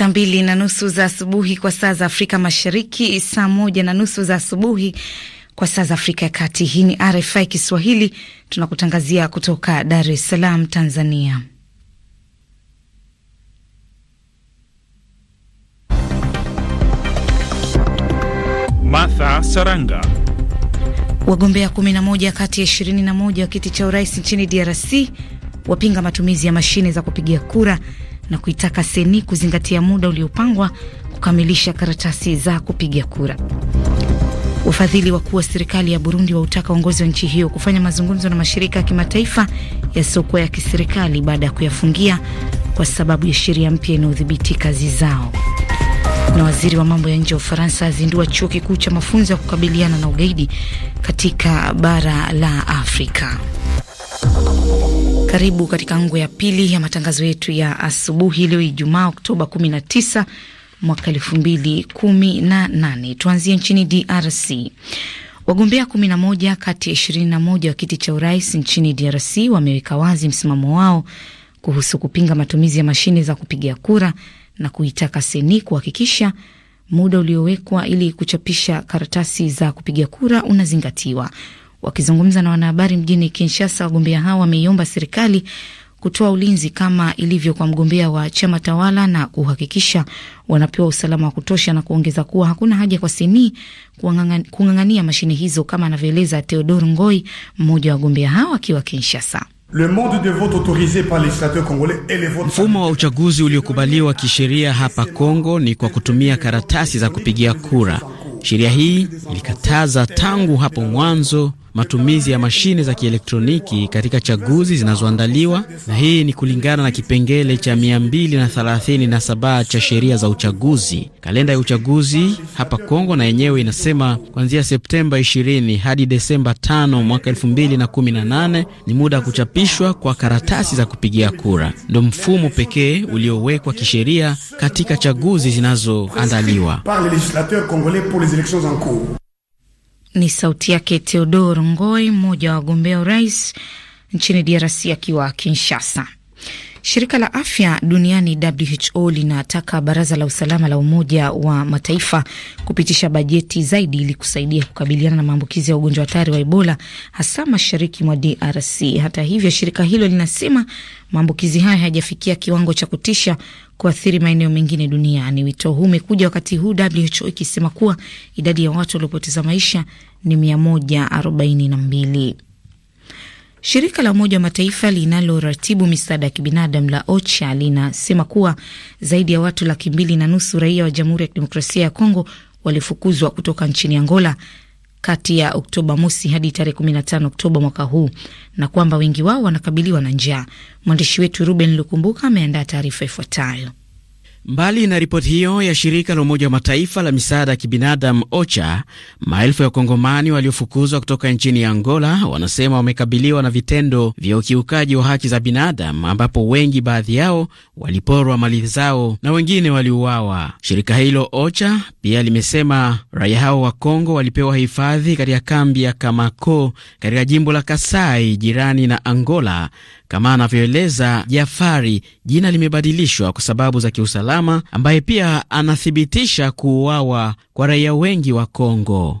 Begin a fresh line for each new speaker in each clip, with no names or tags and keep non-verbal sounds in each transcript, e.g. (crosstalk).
saa mbili na nusu za asubuhi kwa saa za Afrika Mashariki, saa moja na nusu za asubuhi kwa saa za Afrika ya Kati. Hii ni RFI Kiswahili, tunakutangazia kutoka Dar es Salaam, Tanzania.
Martha Saranga.
Wagombea 11 kati ya 21 wa kiti cha urais nchini DRC wapinga matumizi ya mashine za kupigia kura na kuitaka seni kuzingatia muda uliopangwa kukamilisha karatasi za kupiga kura. Wafadhili wakuu wa serikali ya Burundi wautaka uongozi wa nchi hiyo kufanya mazungumzo na mashirika ya kimataifa yasiyokuwa ya kiserikali baada ya kuyafungia kwa sababu ya sheria mpya inayodhibiti kazi zao. Na waziri wa mambo ya nje wa Ufaransa azindua chuo kikuu cha mafunzo ya kukabiliana na ugaidi katika bara la Afrika. Karibu katika ngo ya pili ya matangazo yetu ya asubuhi leo Ijumaa Oktoba 19 mwaka 2018. Tuanzie nchini DRC. Wagombea 11 kati ya 21 wa kiti cha urais nchini DRC wameweka wazi msimamo wao kuhusu kupinga matumizi ya mashine za kupigia kura na kuitaka seni kuhakikisha muda uliowekwa ili kuchapisha karatasi za kupiga kura unazingatiwa. Wakizungumza na wanahabari mjini Kinshasa, wagombea hao wameiomba serikali kutoa ulinzi kama ilivyo kwa mgombea wa chama tawala na kuhakikisha wanapewa usalama wa kutosha, na kuongeza kuwa hakuna haja kwa senii kung'ang'ania mashine hizo, kama anavyoeleza teodor Ngoi, mmoja wa wagombea hao akiwa Kinshasa.
Mfumo wa uchaguzi
uliokubaliwa kisheria hapa Kongo ni kwa kutumia karatasi za kupigia kura. Sheria hii ilikataza tangu hapo mwanzo matumizi ya mashine za kielektroniki katika chaguzi zinazoandaliwa, na hii ni kulingana na kipengele cha 237 cha sheria za uchaguzi. Kalenda ya uchaguzi hapa Kongo na yenyewe inasema kuanzia Septemba 20 hadi Desemba 5 mwaka 2018 ni muda wa kuchapishwa kwa karatasi za kupigia kura. Ndo mfumo pekee uliowekwa kisheria katika chaguzi zinazoandaliwa.
Ni sauti yake teodor Ngoi, mmoja wa wagombea urais nchini DRC akiwa Kinshasa. Shirika la afya duniani WHO linataka baraza la usalama la Umoja wa Mataifa kupitisha bajeti zaidi ili kusaidia kukabiliana na maambukizi ya ugonjwa hatari wa Ebola hasa mashariki mwa DRC. Hata hivyo, shirika hilo linasema maambukizi hayo hayajafikia kiwango cha kutisha kuathiri maeneo mengine duniani. Wito huu umekuja wakati huu WHO ikisema kuwa idadi ya watu waliopoteza maisha ni 142. Shirika la Umoja wa Mataifa linaloratibu misaada ya kibinadamu la OCHA linasema kuwa zaidi ya watu laki mbili na nusu raia wa Jamhuri ya Kidemokrasia ya Kongo walifukuzwa kutoka nchini Angola kati ya Oktoba mosi hadi tarehe tano Oktoba mwaka huu na kwamba wengi wao wanakabiliwa na njaa. Mwandishi wetu Ruben Lukumbuka ameandaa taarifa ifuatayo.
Mbali na ripoti hiyo ya shirika la Umoja wa Mataifa la misaada ya kibinadamu OCHA, maelfu ya Wakongomani waliofukuzwa kutoka nchini Angola wanasema wamekabiliwa na vitendo vya ukiukaji wa haki za binadamu, ambapo wengi, baadhi yao, waliporwa mali zao na wengine waliuawa. Shirika hilo OCHA pia limesema raia hao wa Kongo walipewa hifadhi katika kambi ya Kamako katika jimbo la Kasai jirani na Angola, kama anavyoeleza Jafari. Jina limebadilishwa kwa sababu za kiusalama usalama ambaye pia anathibitisha kuuawa kwa raia wengi wa Kongo.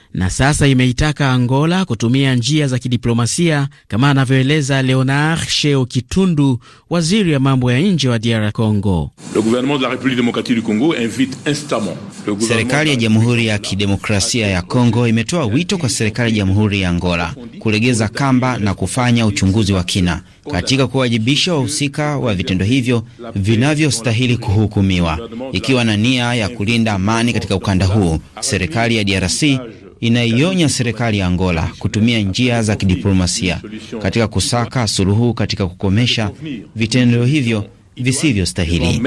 na sasa imeitaka Angola kutumia njia za kidiplomasia, kama anavyoeleza Leonard Sheo Kitundu, waziri wa mambo ya nje wa DR Congo. Serikali ya Jamhuri ya Kidemokrasia ya Kongo imetoa wito kwa serikali ya Jamhuri ya Angola kulegeza kamba na kufanya uchunguzi wa kina katika kuwajibisha wahusika wa vitendo hivyo vinavyostahili kuhukumiwa, ikiwa na nia ya kulinda amani katika ukanda huu. Serikali ya DRC inaionya serikali ya Angola kutumia njia za kidiplomasia katika kusaka suluhu katika kukomesha vitendo hivyo
visivyostahili.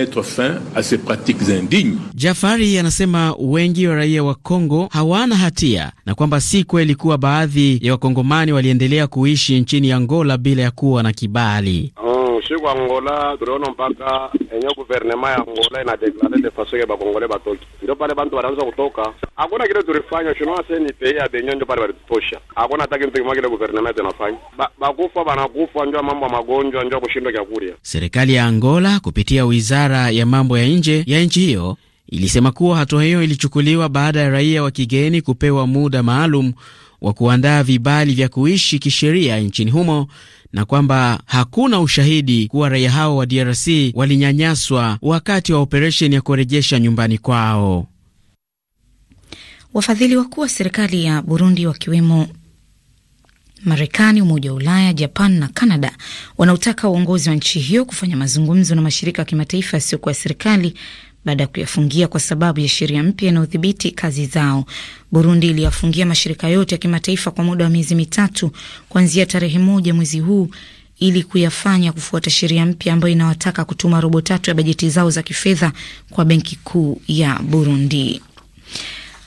Jafari anasema wengi wa raia wa Kongo hawana hatia na kwamba si kweli kuwa baadhi ya Wakongomani waliendelea kuishi nchini Angola bila ya kuwa na kibali.
Kushuka Angola tunaona mpaka enye guvernema ya Angola inadeklare de faso ke bakongole batoki, ndio pale bantu wanaanza kutoka. Hakuna kile tulifanya shunoase ni pei ya benyo, ndio pale balitutosha. Hakuna hata kitu kimoja guvernema yetu inafanya. Ba, banakufa, ndio mambo ya magonjwa, njo kushindwa kyakuria.
Serikali ya Angola kupitia wizara ya mambo ya nje ya nchi hiyo ilisema kuwa hatua hiyo ilichukuliwa baada ya raia wa kigeni kupewa muda maalum wa kuandaa vibali vya kuishi kisheria nchini humo na kwamba hakuna ushahidi kuwa raia hao wa DRC walinyanyaswa wakati wa operesheni ya kurejesha nyumbani kwao.
Wafadhili wakuu wa serikali ya Burundi wakiwemo Marekani, Umoja wa Ulaya, Japan na Canada wanaotaka uongozi wa nchi hiyo kufanya mazungumzo na mashirika ya kimataifa yasiyokuwa ya serikali baada ya kuyafungia kwa sababu ya sheria mpya inayodhibiti kazi zao. Burundi iliyafungia mashirika yote ya kimataifa kwa muda wa miezi mitatu kuanzia tarehe moja mwezi huu ili kuyafanya kufuata sheria mpya ambayo inawataka kutuma robo tatu ya bajeti zao za kifedha kwa benki kuu ya Burundi.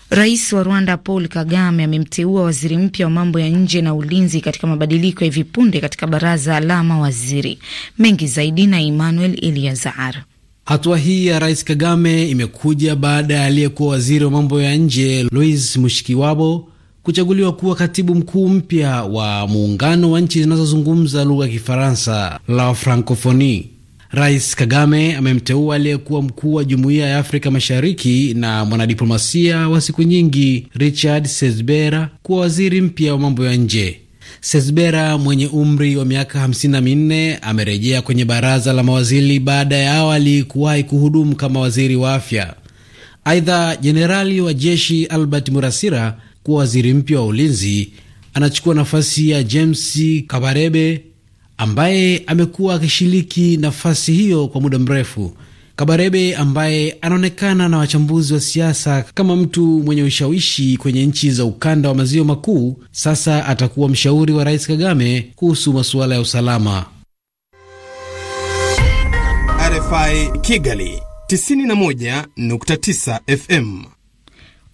Rais wa Rwanda Paul Kagame amemteua waziri mpya wa mambo ya nje na ulinzi katika mabadiliko ya hivi punde katika baraza la mawaziri. Mengi zaidi na Emmanuel Eliazar.
Hatua hii ya Rais Kagame imekuja baada ya aliyekuwa waziri wa mambo ya nje Louis Mushikiwabo kuchaguliwa kuwa katibu mkuu mpya wa muungano wa nchi zinazozungumza lugha ya Kifaransa la francofoni Rais Kagame amemteua aliyekuwa mkuu wa Jumuiya ya Afrika Mashariki na mwanadiplomasia wa siku nyingi Richard sesbera kuwa waziri mpya wa mambo ya nje. Sesbera mwenye umri wa miaka 54 amerejea kwenye baraza la mawaziri baada ya awali kuwahi kuhudumu kama waziri wa afya. Aidha, jenerali wa jeshi Albert Murasira kuwa waziri mpya wa ulinzi anachukua nafasi ya James Kabarebe ambaye amekuwa akishiriki nafasi hiyo kwa muda mrefu. Kabarebe ambaye anaonekana na wachambuzi wa siasa kama mtu mwenye ushawishi kwenye nchi za ukanda wa maziwa makuu, sasa atakuwa mshauri wa Rais
Kagame kuhusu masuala ya usalama. RFI Kigali 91.9 FM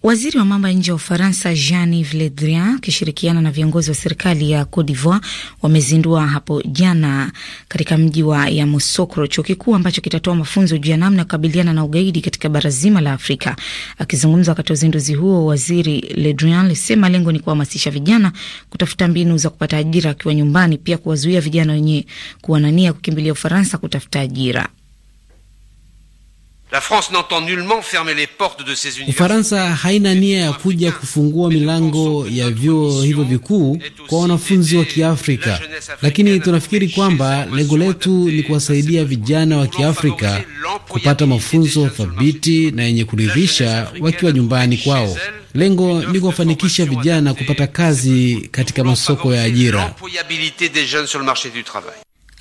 Waziri wa mambo ya nje wa Ufaransa Jean Yves Le Drian akishirikiana na viongozi wa serikali ya Cote d'Ivoire wamezindua hapo jana katika mji wa Yamoussoukro chuo kikuu ambacho kitatoa mafunzo juu ya namna ya kukabiliana na ugaidi katika bara zima la Afrika. Akizungumza wakati wa uzinduzi huo, Waziri Le Drian alisema lengo ni kuhamasisha vijana kutafuta mbinu za kupata ajira akiwa nyumbani, pia kuwazuia vijana wenye kuwanania kukimbilia Ufaransa kutafuta ajira.
La France n'entend nullement fermer les portes de ses universités. Ufaransa haina nia ya kuja kufungua milango ya vyuo hivyo vikuu kwa wanafunzi wa Kiafrika, lakini tunafikiri kwamba lengo letu ni kuwasaidia vijana wa Kiafrika kupata mafunzo thabiti na yenye kuridhisha wakiwa nyumbani kwao. Lengo ni kuwafanikisha vijana kupata kazi katika masoko ya ajira.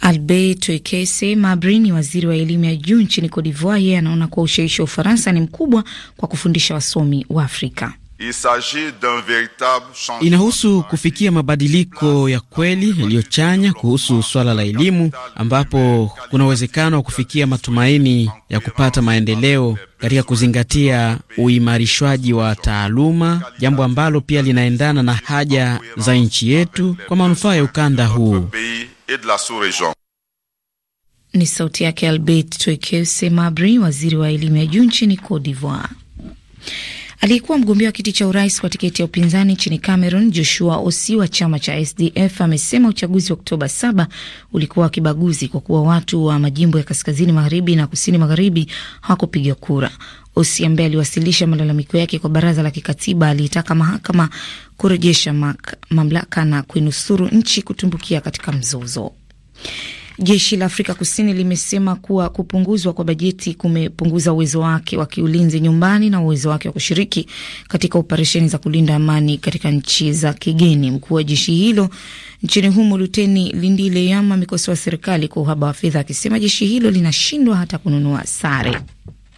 Albert ekese Mabrini, waziri wa elimu ya juu nchini Cote d'Ivoire, yeye anaona kuwa ushawishi wa Ufaransa ni mkubwa kwa kufundisha wasomi wa Afrika. Inahusu kufikia mabadiliko ya
kweli yaliyochanya kuhusu swala la elimu, ambapo kuna uwezekano wa kufikia matumaini ya kupata maendeleo katika kuzingatia uimarishwaji wa taaluma, jambo ambalo pia linaendana na haja za nchi yetu kwa manufaa ya ukanda huu
et de la sous-région.
Ni sauti yake Albert Twekese Mabri, waziri wa elimu ya juu nchini Cote d'Ivoire. Aliyekuwa mgombea wa kiti cha urais kwa tiketi ya upinzani nchini Cameroon, Joshua Osi wa chama cha SDF amesema uchaguzi wa Oktoba 7 ulikuwa wa kibaguzi kwa kuwa watu wa majimbo ya kaskazini magharibi na kusini magharibi hawakupiga kura ambaye aliwasilisha malalamiko yake kwa baraza la kikatiba. Aliitaka mahakama kurejesha mamlaka na kuinusuru nchi kutumbukia katika mzozo. Jeshi la Afrika Kusini limesema kuwa kupunguzwa kwa bajeti kumepunguza uwezo wake wa kiulinzi nyumbani na uwezo wake wa kushiriki katika operesheni za kulinda amani katika nchi za kigeni. Mkuu wa jeshi hilo nchini humo Luteni Lindile Yama amekosoa serikali kwa uhaba wa fedha, akisema jeshi hilo linashindwa hata kununua sare.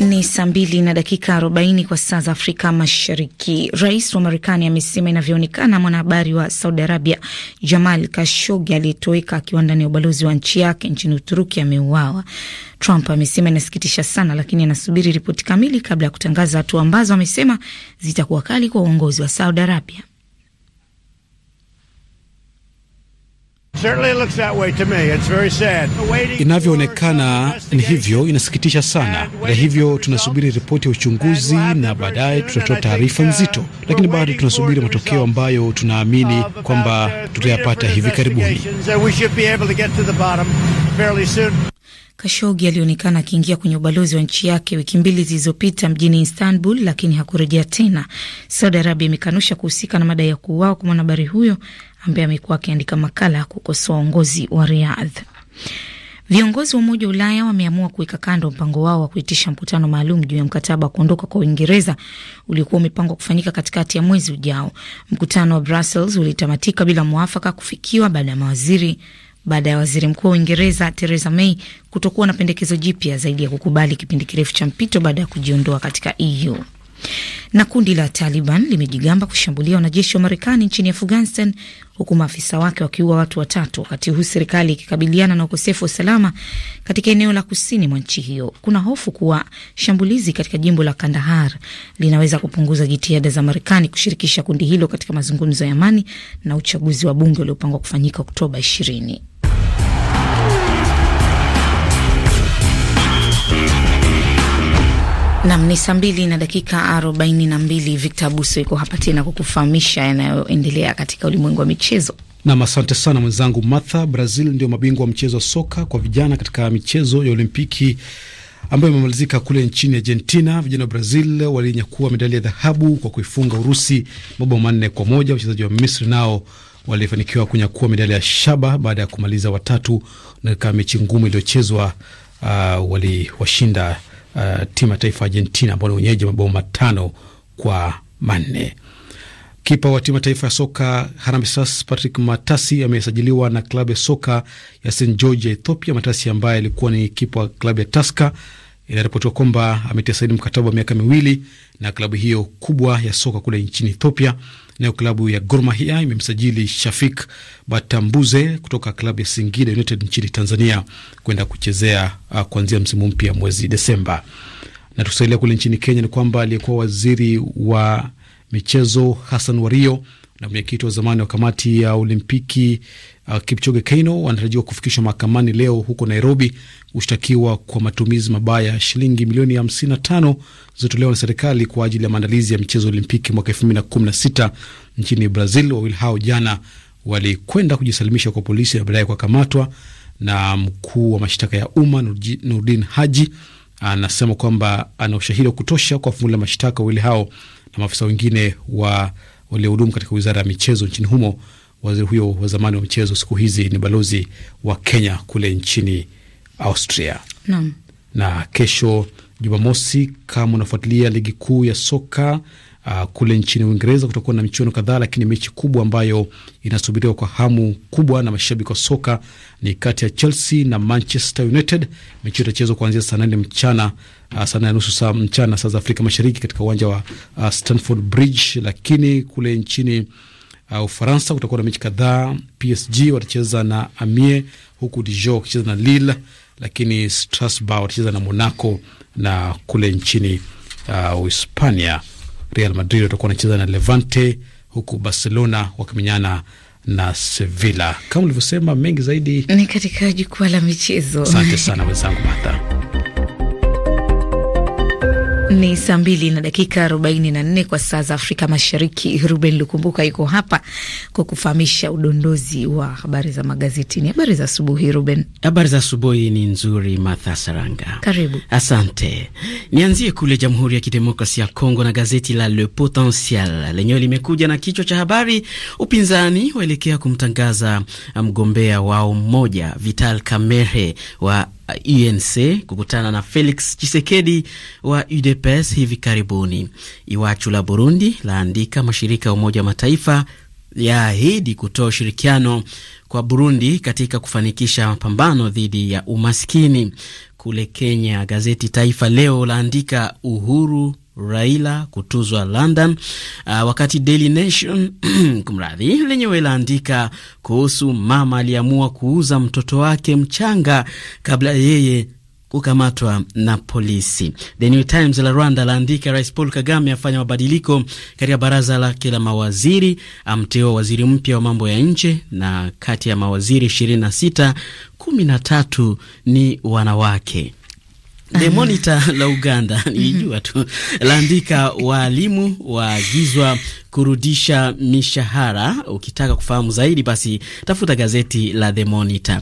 Ni saa mbili na dakika 40 kwa saa za Afrika Mashariki. Rais wa Marekani amesema inavyoonekana mwanahabari wa Saudi Arabia Jamal Kashogi aliyetoweka akiwa ndani ya ubalozi wa nchi yake nchini Uturuki ameuawa. Trump amesema inasikitisha sana, lakini anasubiri ripoti kamili kabla ya kutangaza hatua ambazo amesema zitakuwa kali kwa uongozi wa Saudi Arabia.
Inavyoonekana ni hivyo, inasikitisha sana. Kwa hivyo tunasubiri ripoti ya uchunguzi na baadaye tutatoa taarifa nzito, lakini bado tunasubiri matokeo ambayo tunaamini kwamba tutayapata hivi karibuni.
Kashogi alionekana akiingia kwenye ubalozi wa nchi yake wiki mbili zilizopita mjini Istanbul, lakini hakurejea tena. Saudi Arabia imekanusha kuhusika na madai ya kuuawa kwa mwanahabari huyo ambaye amekuwa akiandika makala ya kukosoa uongozi wa Riyadh. Viongozi wa Umoja wa Ulaya wameamua kuweka kando mpango wao wa kuitisha mkutano maalum juu ya mkataba wa kuondoka kwa Uingereza uliokuwa umepangwa kufanyika katikati ya mwezi ujao. Mkutano wa Brussels ulitamatika bila mwafaka kufikiwa baada ya mawaziri baada ya waziri mkuu wa Uingereza Theresa May kutokuwa na pendekezo jipya zaidi ya kukubali kipindi kirefu cha mpito baada ya kujiondoa katika EU. Na kundi la Taliban limejigamba kushambulia wanajeshi wa Marekani nchini Afghanistan, huku maafisa wake wakiua watu watatu, wakati huu serikali ikikabiliana na ukosefu wa usalama katika eneo la kusini mwa nchi hiyo. Kuna hofu kuwa shambulizi katika jimbo la Kandahar linaweza kupunguza jitihada za Marekani kushirikisha kundi hilo katika mazungumzo ya amani na uchaguzi wa bunge uliopangwa kufanyika Oktoba 20. Nam ni saa mbili na dakika arobaini na mbili. Victor Buso iko hapa tena kukufahamisha yanayoendelea katika ulimwengu wa michezo.
Nam, asante sana mwenzangu Martha. Brazil ndio mabingwa wa mchezo wa soka kwa vijana katika michezo ya Olimpiki ambayo imemalizika kule nchini Argentina. Vijana wa Brazil walinyakua medali ya dhahabu kwa kuifunga Urusi mabao manne kwa moja. Wachezaji wa Misri nao walifanikiwa kunyakua medali ya shaba baada ya kumaliza watatu, na katika mechi ngumu iliyochezwa uh, waliwashinda uh, timu ya taifa Argentina ambao ni wenyeji mabao matano kwa manne. Kipa wa timu ya taifa ya soka Harambee Stars Patrick Matasi amesajiliwa na klabu ya soka ya St George ya Ethiopia. Matasi ambaye alikuwa ni kipa wa klabu ya Tusker inaripotiwa kwamba ametia saini mkataba wa miaka miwili na klabu hiyo kubwa ya soka kule nchini Ethiopia Nayo klabu ya Gor Mahia imemsajili Shafik Batambuze kutoka klabu ya Singida United nchini Tanzania kwenda kuchezea uh, kuanzia msimu mpya mwezi Desemba. Na tukisalia kule nchini Kenya ni kwamba aliyekuwa waziri wa michezo Hassan Wario na mwenyekiti wa zamani wa kamati ya Olimpiki uh, Kipchoge Keino wanatarajiwa kufikishwa mahakamani leo huko Nairobi kushtakiwa kwa matumizi mabaya ya shilingi milioni 55 zilizotolewa na serikali kwa ajili ya maandalizi ya michezo Olimpiki mwaka 2016 nchini Brazil. Wawili hao jana walikwenda kujisalimisha kwa polisi na baadaye kukamatwa. Na mkuu wa mashtaka ya umma Nurdin Haji anasema kwamba ana ushahidi wa kutosha kwa kufungulia mashtaka wawili hao na maafisa wengine wa waliohudumu katika wizara ya michezo nchini humo Waziri huyo wa zamani wa michezo siku hizi ni balozi wa Kenya kule nchini Austria. Naam. Na kesho Jumamosi, kama unafuatilia ligi kuu ya soka uh, kule nchini Uingereza, kutakuwa na michuano kadhaa, lakini mechi kubwa ambayo inasubiriwa kwa hamu kubwa na mashabiki wa soka ni kati ya Chelsea na Manchester United. Mechi itachezwa kuanzia saa nane mchana uh, saa nane nusu saa mchana saa za Afrika Mashariki, katika uwanja wa uh, Stamford Bridge. Lakini kule nchini uh, Ufaransa kutakuwa na mechi kadhaa. PSG watacheza na Amiens, huku Dijon wakicheza na Lille, lakini Strasbourg watacheza na Monaco, na kule nchini Uhispania uh, Real Madrid watakuwa wanacheza na Levante, huku Barcelona wakimenyana na Sevilla. Kama ulivyosema, mengi zaidi
ni katika jukwaa la michezo. Asante
sana mwenzangu Martha.
Ni saa mbili na dakika arobaini na nne kwa saa za Afrika Mashariki. Ruben Lukumbuka yuko hapa kwa kufahamisha udondozi wa habari za magazetini. Habari za asubuhi, Ruben.
Habari za asubuhi ni nzuri, Martha Saranga. Karibu. Asante. Nianzie kule Jamhuri ya Kidemokrasia ya Kongo na gazeti la Le Potentiel lenyewe limekuja na kichwa cha habari, upinzani waelekea kumtangaza mgombea wao mmoja Vital Kamerhe wa UNC uh, e kukutana na Felix Chisekedi wa UDPS hivi karibuni. Iwachu la Burundi laandika mashirika ya Umoja wa Mataifa yaahidi kutoa ushirikiano kwa Burundi katika kufanikisha mapambano dhidi ya umaskini. Kule Kenya, gazeti Taifa Leo laandika uhuru Raila kutuzwa London. Uh, wakati Daily Nation (clears throat) kumradhi, lenyewe laandika kuhusu mama aliamua kuuza mtoto wake mchanga kabla yeye kukamatwa na polisi. The New Times la Rwanda laandika Rais Paul Kagame afanya mabadiliko katika baraza lake la mawaziri, amteua waziri mpya wa mambo ya nje, na kati ya mawaziri 26 13 ni wanawake. The Monitor la Uganda (laughs) nilijua tu laandika, waalimu waagizwa kurudisha mishahara. Ukitaka kufahamu zaidi, basi tafuta gazeti la The Monitor.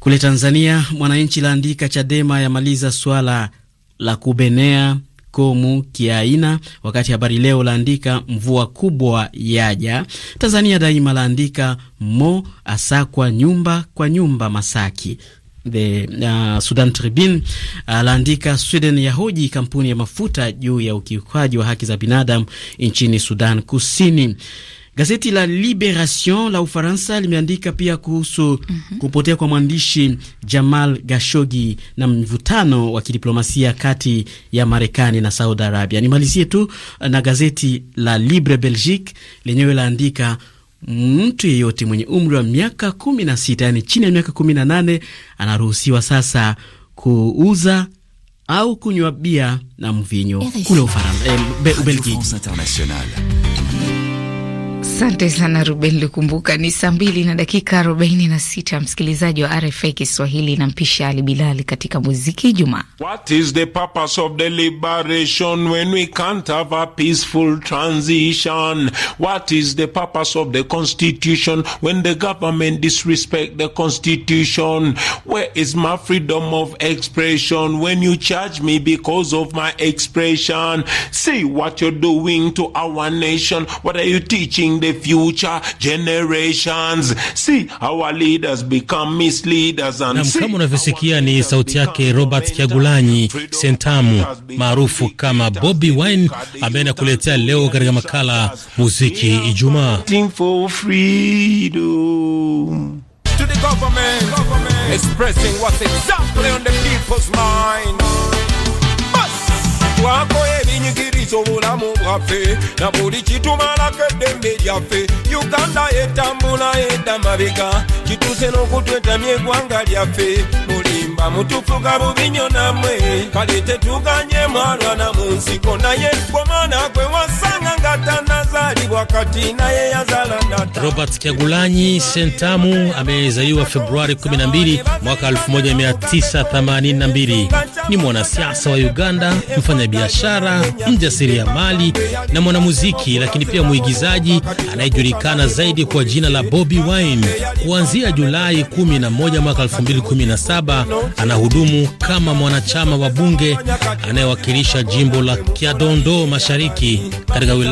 Kule Tanzania, Mwananchi laandika, Chadema yamaliza swala la kubenea komu kiaina, wakati Habari Leo laandika mvua kubwa yaja. Tanzania Daima laandika mo asakwa nyumba kwa nyumba Masaki. The uh, Sudan Tribune uh, Sweden yahoji kampuni ya mafuta juu ya ukiukaji wa haki za binadamu nchini Sudan Kusini. Gazeti la Liberation la Ufaransa limeandika pia kuhusu mm -hmm. kupotea kwa mwandishi Jamal Gashogi na mvutano wa kidiplomasia kati ya Marekani na Saudi Arabia. Nimalizie tu na gazeti la Libre Belgique lenyewe laandika mtu yeyote mwenye umri wa miaka 16 yani chini ya miaka 18 anaruhusiwa sasa kuuza au kunywa bia na mvinyo kule Ufaransa, eh, Ubelgiji.
Asante sana Ruben Lukumbuka. Ni saa mbili na dakika arobaini na sita msikilizaji wa RFI Kiswahili na mpisha Ali Bilali katika muziki Jumaa.
What is the purpose of the liberation when we can't have a peaceful transition? What is the purpose of the constitution when the government disrespect the constitution? Where is my freedom of expression when you charge me because of my expression? See what you're doing to our nation. What are you teaching the future generations. See our leaders become misleaders and see. kama
unavyosikia ni sauti yake Robert Kyagulanyi Sentamu maarufu kama Bobby Wine ambaye anakuletea leo katika makala muziki Ijumaa.
Expressing what's exactly on the people's mind. Bas, wako ya nze obulamu bwaffe na buli kitumalako eddembe lyaffe uganda etambula edda mabega kituse n'okutwetamya eggwanga lyaffe mulimba mutufuga bubi nnyo nammwe kale tetuganye mwarwana mu nsiko naye gomwana gwe wasanga
Robert Kyagulanyi Sentamu amezaliwa Februari 12 mwaka 1982. Ni mwanasiasa wa Uganda, mfanyabiashara, mjasiriamali na mwanamuziki, lakini pia mwigizaji anayejulikana zaidi kwa jina la Bobby Wine. Kuanzia Julai 11 mwaka 2017 anahudumu kama mwanachama wa bunge anayewakilisha jimbo la Kyadondo Mashariki katika wilaya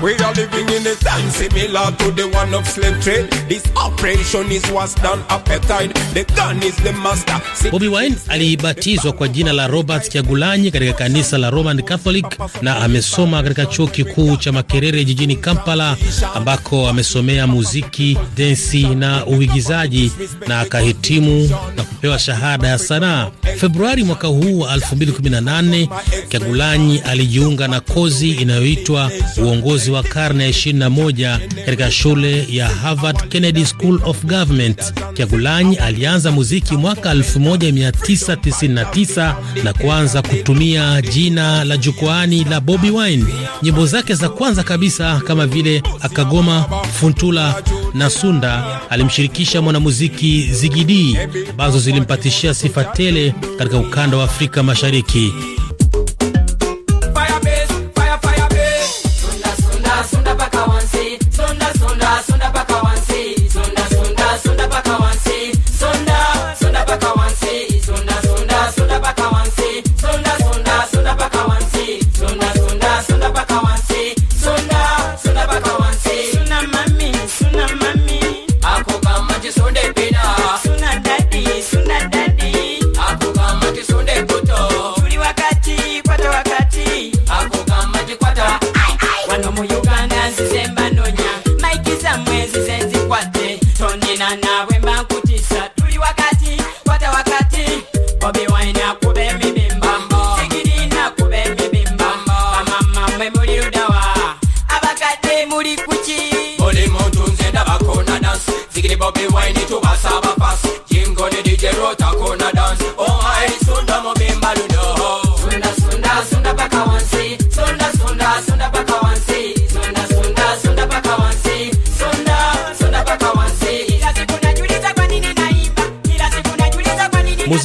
We are living in a time similar to the one of slave trade. This operation is worse than appetite. The gun is the master. Bobi Wine
alibatizwa kwa jina la Robert Kyagulanyi katika kanisa la Roman Catholic na amesoma katika chuo kikuu cha Makerere jijini Kampala ambako amesomea muziki, densi na uigizaji na akahitimu na kupewa shahada ya sanaa. Februari mwaka huu wa 2018, Kyagulanyi alijiunga na kozi inayoitwa uongozi uongozi wa karne ya 21 katika shule ya Harvard Kennedy School of Government. Kyagulanyi alianza muziki mwaka 1999 na kuanza kutumia jina la jukwaani la Bobby Wine. Nyimbo zake za kwanza kabisa kama vile Akagoma, Funtula na Sunda alimshirikisha mwanamuziki Zigidii ambazo zilimpatishia sifa tele katika ukanda wa Afrika Mashariki.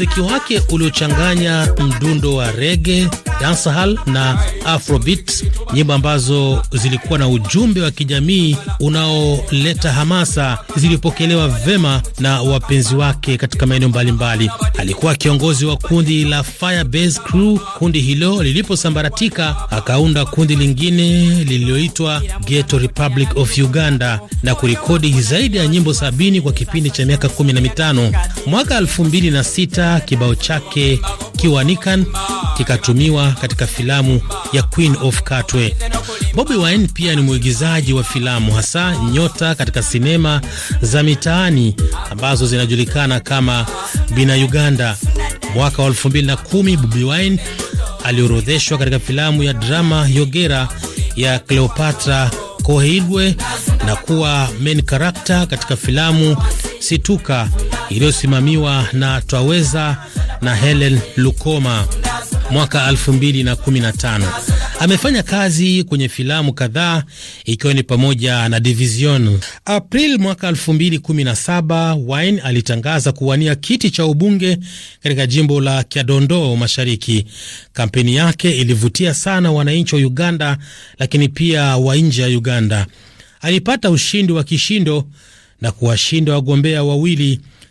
muziki wake uliochanganya mdundo wa rege, dancehall na afrobeat, nyimbo ambazo zilikuwa na ujumbe wa kijamii unaoleta hamasa, zilipokelewa vema na wapenzi wake katika maeneo mbalimbali alikuwa kiongozi wa kundi la Firebase Crew. Kundi hilo liliposambaratika, akaunda kundi lingine lililoitwa Ghetto Republic of Uganda na kurekodi zaidi ya nyimbo sabini kwa kipindi cha miaka 15. Mwaka 2006 kibao chake kiwa Nikan kikatumiwa katika filamu ya Queen of Katwe. Bobi Wine pia ni mwigizaji wa filamu, hasa nyota katika sinema za mitaani ambazo zinajulikana kama Bina Uganda. Mwaka wa 2010 Bobi Wine aliorodheshwa katika filamu ya drama Yogera ya Cleopatra Kohilwe na kuwa main character katika filamu Situka iliyosimamiwa na Twaweza na Helen Lukoma mwaka 2015. Amefanya kazi kwenye filamu kadhaa ikiwa ni pamoja na Division. April mwaka 2017, Wine alitangaza kuwania kiti cha ubunge katika jimbo la Kiadondo Mashariki. Kampeni yake ilivutia sana wananchi wa Uganda, lakini pia wa nje ya Uganda. Alipata ushindi wa kishindo na kuwashinda wagombea wawili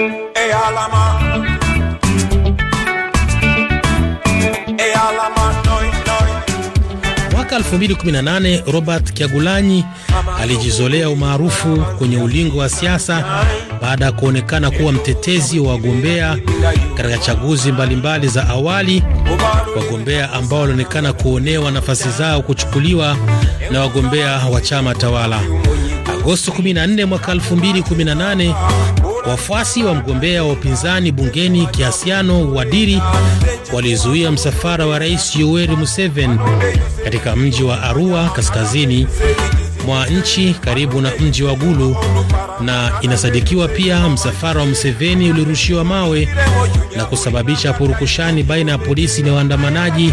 e alama e alama Mwaka
2018 Robert Kyagulanyi alijizolea umaarufu kwenye ulingo wa siasa baada ya kuonekana kuwa mtetezi wa wagombea katika chaguzi mbalimbali za awali, wagombea ambao walionekana kuonewa nafasi zao kuchukuliwa na wagombea wa chama tawala. Agosti 14 mwaka 2018 Wafuasi wa mgombea wa upinzani bungeni Kiasiano Wadiri walizuia msafara wa Rais Yoweri Museveni katika mji wa Arua kaskazini mwa nchi karibu na mji wa Gulu, na inasadikiwa pia msafara wa Museveni ulirushiwa mawe na kusababisha purukushani baina ya polisi na waandamanaji.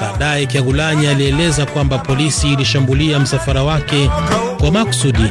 Baadaye Kyagulanyi alieleza kwamba polisi ilishambulia msafara wake kwa makusudi.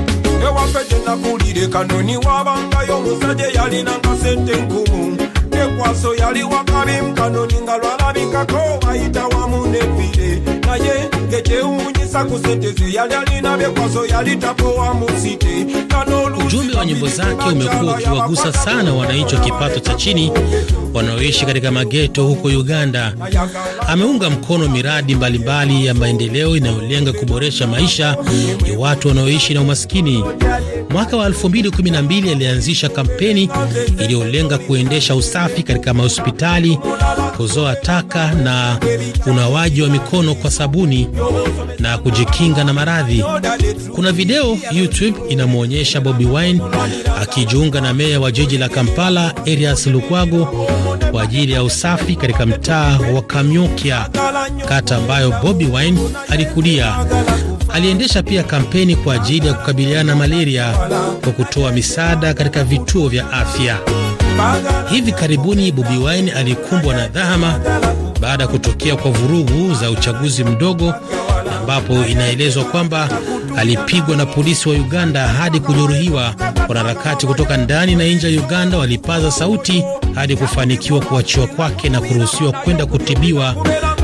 waffe gyenakulire kanoni wabangayo omusajja eyalina nkasente nkumu nekwaso yali wakabimu kanoni nga lwalabikako bayita wamu nevire naye ngekyewuunyisa ku sente ze yali alina byekwaso yali tapowa site Ujumbe wa nyimbo zake umekuwa ukiwagusa
sana wananchi wa kipato cha chini wanaoishi katika mageto huko Uganda. Ameunga mkono miradi mbalimbali mbali ya maendeleo inayolenga kuboresha maisha ya watu wanaoishi na umaskini. Mwaka wa 2012 alianzisha kampeni iliyolenga kuendesha usafi katika mahospitali, kuzoa taka na unawaji wa mikono kwa sabuni na kujikinga na maradhi. Kuna video YouTube inamwonyesha Bobi Wine akijiunga na meya wa jiji la Kampala Erias Lukwago kwa ajili ya usafi katika mtaa wa Kamyokya, kata ambayo Bobi Wine alikulia. Aliendesha pia kampeni kwa ajili ya kukabiliana na malaria kwa kutoa misaada katika vituo vya afya. Hivi karibuni Bobi Wine alikumbwa na dhahama baada ya kutokea kwa vurugu za uchaguzi mdogo, ambapo inaelezwa kwamba alipigwa na polisi wa Uganda hadi kujeruhiwa. Wanaharakati kutoka ndani na nje ya Uganda walipaza sauti hadi kufanikiwa kuachiwa kwake na kuruhusiwa kwenda kutibiwa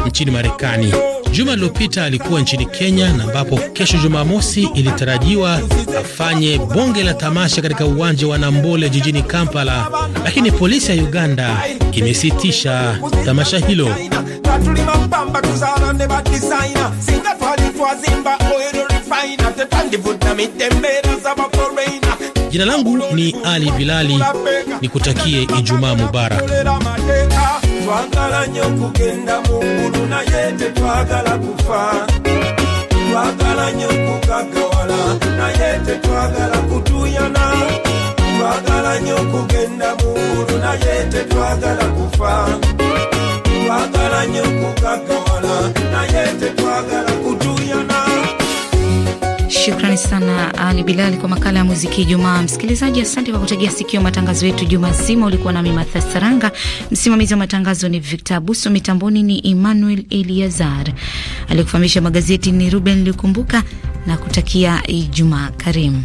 nchini Marekani. Juma lililopita alikuwa nchini Kenya na ambapo kesho Jumamosi ilitarajiwa afanye bonge la tamasha katika uwanja wa Nambole jijini Kampala, lakini polisi ya Uganda imesitisha tamasha hilo. Jina langu ni Ali Bilali, nikutakie Ijumaa Mubarak.
twagala nyo kugenda mungulu naye tetwagala kufa twagala nyo kugagawala naye tetwagala kutuyana twagala nyo kugenda mungulu naye tetwagala kufa twagala nyo kugagawala naye tetwagala
Shukrani sana Ali Bilali kwa makala ya muziki Ijumaa. Msikilizaji, asante kwa kutegea sikio matangazo yetu juma zima. Ulikuwa nami Matha Saranga, msimamizi wa matangazo ni Victor Abuso, mitamboni ni Emmanuel Eliazar, aliyekufahamisha magazeti ni Ruben Likumbuka na kutakia Ijumaa karimu.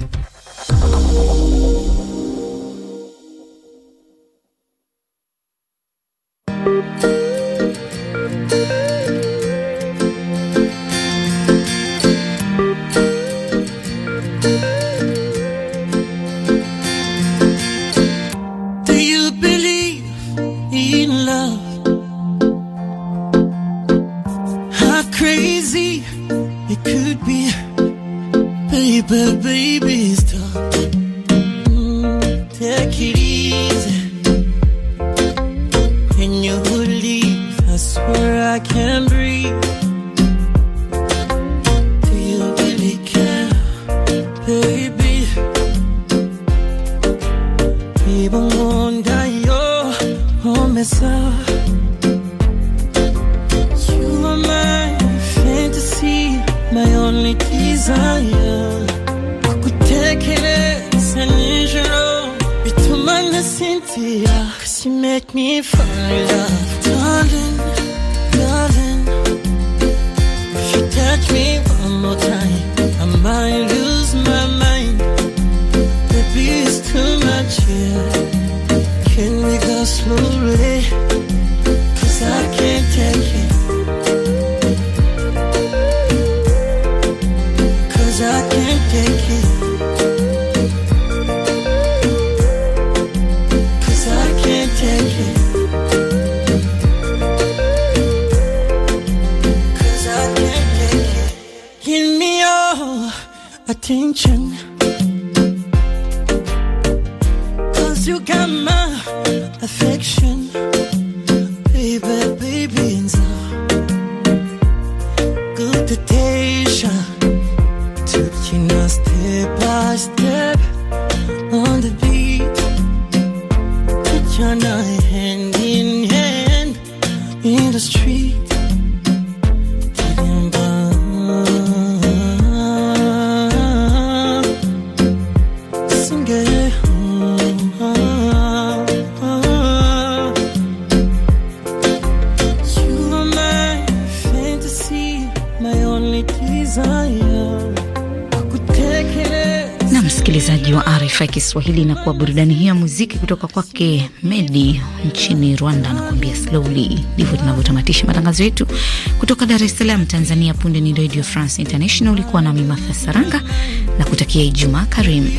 yes, you make me fall in love. Darling, darling, if you touch me one more time, I might lose my mind. Baby, it's too much here. Yeah. Can we go slow?
Kiswahili inakuwa burudani hiyo ya muziki kutoka kwake Medi nchini Rwanda, anakuambia slowly. Ndivyo tunavyotamatisha matangazo yetu kutoka Dar es Salaam, Tanzania. Punde ni Radio France International, ulikuwa nami Martha Saranga na kutakia Ijumaa karimu.